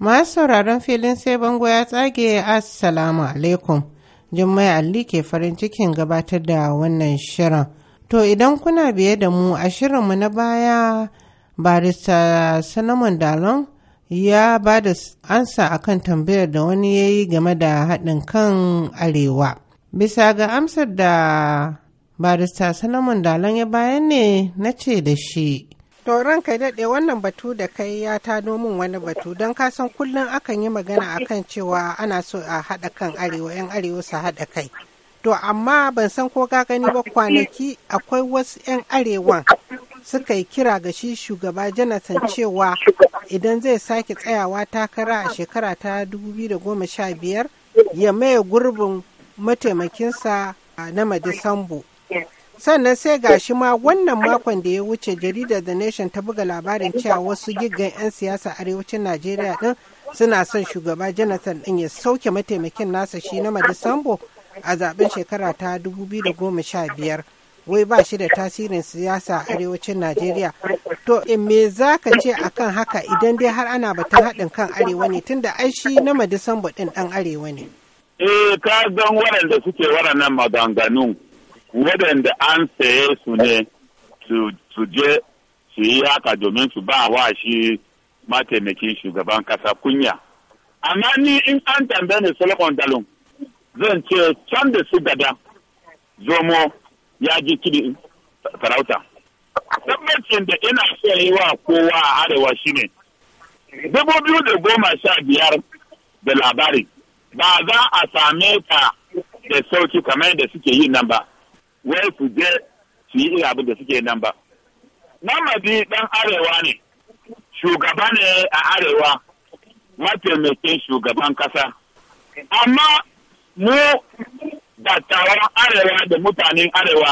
Masu sauraron filin sai bango ya tsage Assalamu alaikum. Jummai alli ke farin cikin gabatar da wannan shirin. To idan kuna biye da mu a shirinmu na baya barista Solomon Dalon ya ba da ansa akan tambayar da wani ya yi game da haɗin kan arewa. Bisa ga amsar da barista Solomon Dalon ya bayan ne na ce da shi. To ranka daɗe wannan batu da kai ya tado min wani batu don kasan kullum akan yi magana akan cewa ana so a haɗa kan arewa 'yan arewa su haɗa kai. To amma ban san ko ka gani ba kwanaki akwai wasu 'yan arewan suka yi kira ga shi shugaba Jonathan cewa idan zai sake tsayawa takara a shekara ta 2015 ya maye gurbin mataimakinsa ah, na Madisambu. sannan sai ga shi ma wannan makon da ya wuce jaridar the nation ta buga labarin cewa wasu giggan 'yan siyasa arewacin najeriya din suna son shugaba jonathan din ya sauke mataimakin nasa shi na madisambo a zaben shekara ta 2015 wai ba shi da tasirin siyasa arewacin najeriya to me za ka ce akan haka idan dai har ana batun haɗin kan arewa ne tunda ai shi na madisambo din dan arewa ne eh ka gan waɗanda suke waɗannan maganganun waɗanda an saye su ne su je su yi haka domin su ba wa shi mataimakin shugaban kasa kunya. Amma ni in an tambaye ni Solomon Dalon zan ce can da su gada zomo ya ji kiɗi farauta. Tabbacin da ina so yi wa kowa a arewa shi ne dubu biyu da goma sha biyar da labari ba za a same ka da sauki kamar da suke yi nan ba. wai su je su yi irin abin da suke nan ba. Namadi ɗan arewa shugaba na a arewa, mataimakin shugaban ƙasa. Amma mu dattawan arewa da mutanen arewa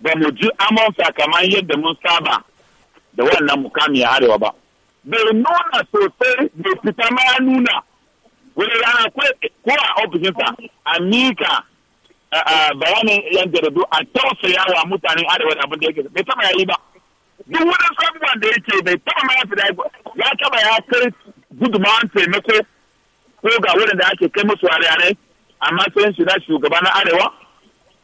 ba mu ji amonsa kamar yadda mun saba da wannan mukami a arewa ba. Bai nuna sosai bai fita ma nuna, wani rana ko a ofishinsa a mika bayanin yan jaridu a tausaya wa mutanen arewa da abin da yake bai taba yayi ba duk wani sabuwa da yake bai taba ma ya da ya taba ya kai gudunmawar taimako ko ga wurin da ake kai musu yare amma sai shi na shugaba na arewa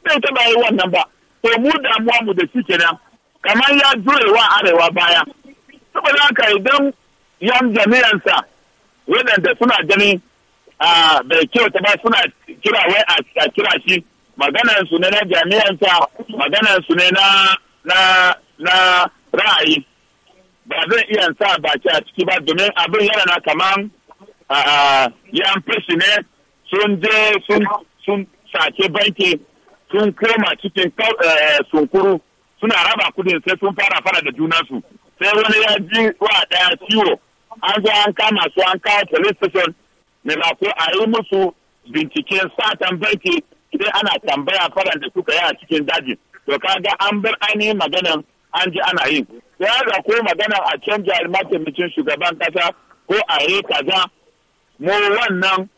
bai taba yi wannan ba to mu damuwa mu da shi kenan kamar ya jure wa arewa baya saboda haka idan yan jami'ansa waɗanda suna ganin ah, bai kyauta ba suna kira wai a kira shi maganan su ne na jami'ansa maganan su ne na na na ra'ayi ba zan iya sa baki a ciki ba domin abin yana na kaman yan fashi ne sun je sun sun sake banki sun koma cikin eh, sunkuru suna raba kudin sai sun fara fara da juna su sai wani ya ji wa daya ciwo an zo an kama su an kawo police station ma ko a yi musu binciken satan banki sai ana tambaya faran da suka yi a cikin dajin to kaga an bar ainihin maganan an ji ana yi ya ga ko magana a canja mataimakin shugaban kasa ko a yi kaza mu wannan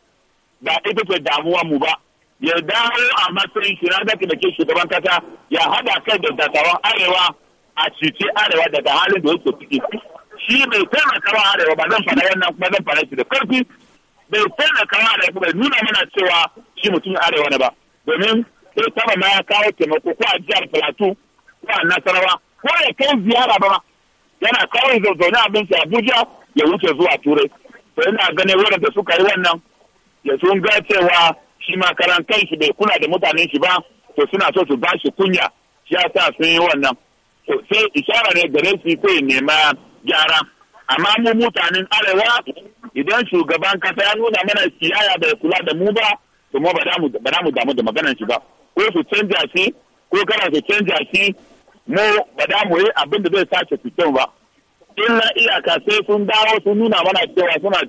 ba ita ce damuwa mu ba ya dawo a matsayin shi na ke shugaban kasa ya hada kai da dattawan arewa a cice arewa daga halin da yake ciki shi bai taimaka wa arewa ba zan fara yannan kuma zan fara shi da karfi bai taimaka wa arewa bai nuna mana cewa shi mutum arewa ne ba domin sai sama ma ya kawo taimako ko a jihar Plateau ko a Nasarawa ko ya kai ziyara ba yana kawai zazzaune abinci Abuja ya wuce zuwa Turai sai ina ganin waɗanda suka yi wannan ya sun ga cewa shi ma karan kanshi bai kula da mutanen shi ba to suna so su bashi kunya shi sa sun yi wannan to sai ishara ne gare shi ko ya nema gyara amma mu mutanen arewa idan shugaban kasa ya nuna mana siyaya bai kula da mu ba kuma ba za mu damu da magana shi ba ko su canja shi ko kana su canja shi mu ba za mu yi abin da zai sace fitin ba illa iyaka sai sun dawo sun nuna mana cewa suna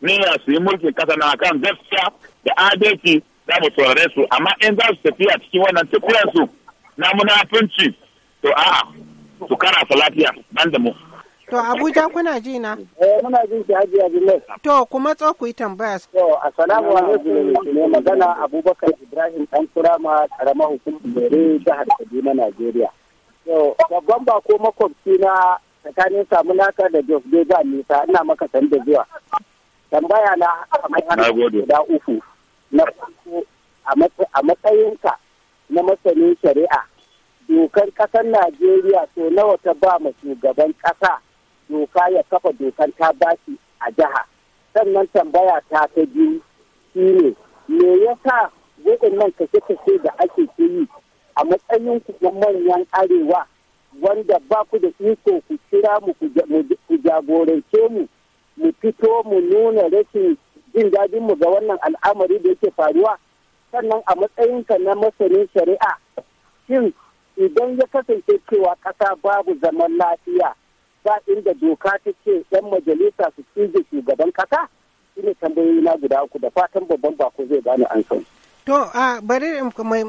niyya su yi mulkin kasa na kan gaskiya da adalci za mu saurare su amma in za su tafiya cikin wannan tafiyar su na munafunci to a'a su kara lafiya ban da mu To Abuja kuna ji na? Eh muna jin ki Haji Abdullahi. To kuma tso ku yi tambaya. To assalamu alaikum ne magana Abubakar Ibrahim dan kurama karamar hukumar Bere jihar Kaduna Najeriya. To babban bako makwabci na tsakanin Samunaka da Jos dai nisa ina maka sanda da zuwa. Tambaya na kamar guda uku. Na farko a matsayinka na masanin shari'a dokar kasar Najeriya so nawa ta ba ma shugaban kasa doka ya kafa dokar ta baki a jiha sannan tambaya ta ta biyu shine me ya yasa nan nan kashe da ake ke yi a matsayin ku na manyan arewa wanda ba ku da iko ku kira mu ku jagorance mu mu fito mu nuna rashin jin dadin mu ga wannan al'amari da yake faruwa sannan a matsayin ka na masanin shari'a shin idan ya kasance cewa ƙasa babu zaman lafiya ba inda doka ta ce yan majalisa su cije shugaban kasa shine tambayoyi na guda uku da fatan babban bako zai bani an san To, a bari in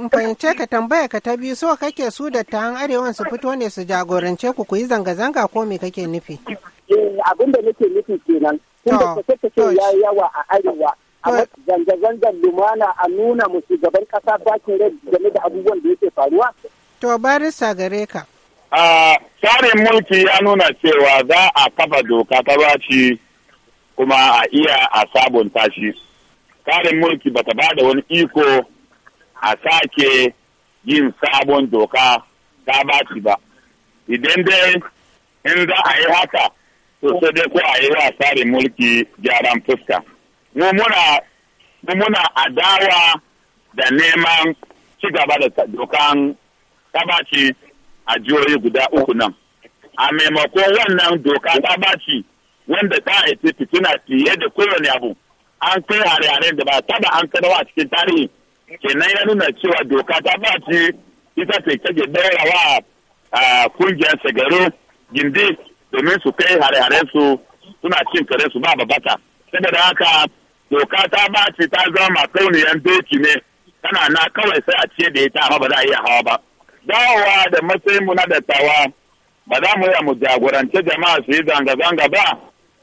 fahimce ka tambaya ka ta biyu so kake su da ta arewan su fito ne su jagorance ku ku yi zanga-zanga ko me kake nufi? Eh, abin da nake nufi kenan, tun da kace ya yawa a arewa, a zanga-zangar lumana a nuna mu shugaban kasa bakin rai game da abubuwan da yake faruwa. To, barista gare ka. tsarin mulki ya nuna cewa za a kafa doka ta bashi kuma a iya a sabunta shi. Tsarin mulki bata ba da wani iko a sake yin sabon doka ta bashi ba. Idan dai in za a yi haka, to sai dai ko a yi wa tsarin mulki gyaran fuska. Mu muna muna adawa da neman ci gaba da dokan ta bashi a jihohi guda uku nan a maimakon wannan doka ta baci wanda ta haifi fitina fiye da kowane abu an kai hare-haren da ba taba an karawa a cikin tarihi kenan ya nuna cewa doka ta baci ita ce take daurawa a kungiyar sagaru gindi domin su kai hare-haren su suna cin kare su ba babata saboda haka doka ta baci ta zama kauniyan doki ne tana na kawai sai a ce da ita amma ba za a iya hawa ba dawowa da matsayinmu na dattawa ba za mu yi mu jagorance jama'a su yi zanga-zanga ba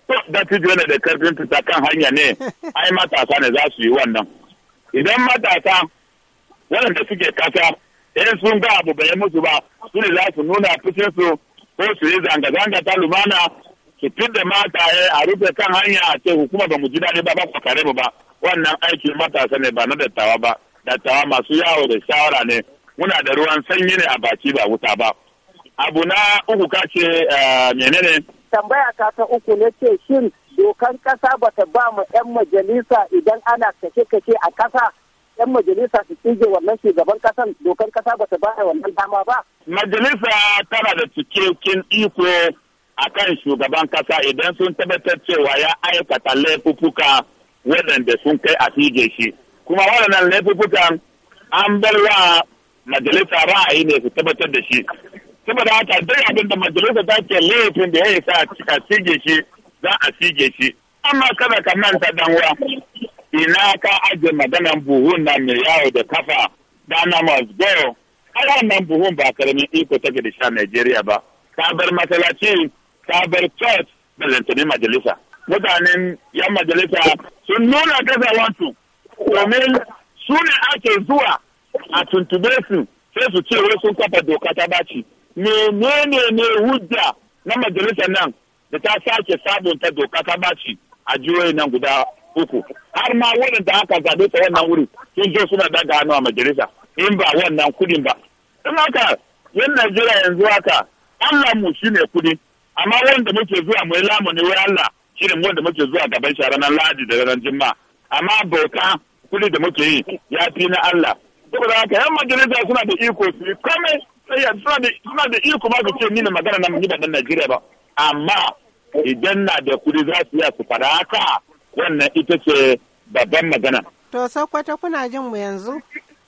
to da ne da karfin fita kan hanya ne ai matasa ne za su yi wannan idan matasa waɗanda suke kasa in sun ga abu bai musu ba su ne za su nuna su ko su yi zanga-zanga ta lumana su da mataye a rufe kan hanya a ce hukuma ba mu ji daɗi ba ba ku kare mu ba wannan aikin matasa ne ba na dattawa ba dattawa masu yawo da shawara ne muna da ruwan sanyi ne a baki ba wuta ba abu na uku ka ce eh, menene tambaya ka ta uku ne ce shin dokan kasa ta ba mu yan majalisa idan ana kake-kake a kasa yan majalisa su tsige wannan shugaban kasan dokan kasa bata ba da wannan dama ba majalisa tana da cikin iko a kan shugaban kasa idan sun tabbatar cewa ya aikata laifuka waɗanda sun kai a fige shi kuma waɗannan laifukan an bar wa majalisa ra'ayi ne su tabbatar da shi saboda haka duk abin da majalisa ta ke laifin da ya yi sa a sige shi za a sige shi amma kada ka manta dan wa ina ka aje maganan buhun na mai yawo da kafa na masu goyo ana nan buhun ba karamin iko take da sha Najeriya ba ka bar masallaci ka bar church da zantani majalisa mutanen yan majalisa sun nuna gazawansu domin su ne ake zuwa atuntubesi sai ce wai sun kafa doka ta baci na ne hujja na majalisar nan da ta sake sabunta doka ta baci a jihohi nan guda uku har ma waɗanda aka zaɓe ta wannan wuri sun je suna daga hannu a majalisa in ba wannan kudin ba in haka yan najeriya yanzu haka allah mu shine kudi amma wanda muke zuwa mu yi lamuni wai allah shine wanda muke zuwa gaban shi ranar lahadi da ranar juma'a amma bauta kudi da muke yi ya fi na allah saboda haka yan majalisa suna da iko su yi komai suna da iko ba su ce ni magana na ni ba dan Najeriya ba amma idan na da kudi za su iya su fada haka wannan ita ce babban magana. To Sokoto kuna jin mu yanzu?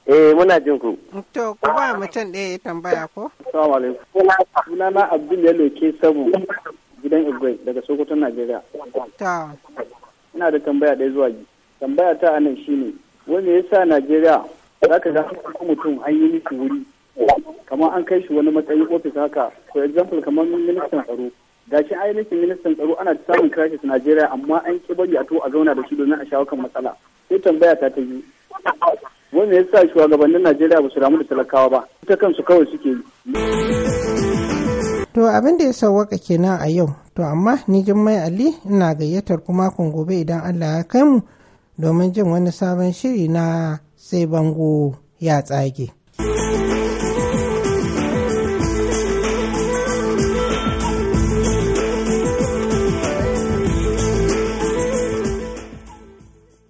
Eh muna jin ku. To ku ba mutum ɗaya ya tambaya ko? Assalamu alaikum. Sunana Abdul Yalo ke sabu gidan Igwe daga Sokoto Najeriya. Ta. Ina da tambaya ɗaya zuwa ji. Tambaya ta anan shine wani yasa Najeriya za ka ga mutum an yi miki wuri kamar an kai shi wani matsayin ofis haka for example kamar ministan tsaro gashi ainihin ministan tsaro ana samun crisis Najeriya amma an ki bari a to a zauna da shi domin a shawo kan matsala sai tambaya ta ta yi wanda yasa sa shugabannin Najeriya ba su damu da talakawa ba ita kansu kawai suke yi To abin da ya sauwaka kenan a yau to amma ni Jummai Ali ina gayyatar kuma makon gobe idan Allah ya kai mu domin jin wani sabon shiri na sai bango ya tsage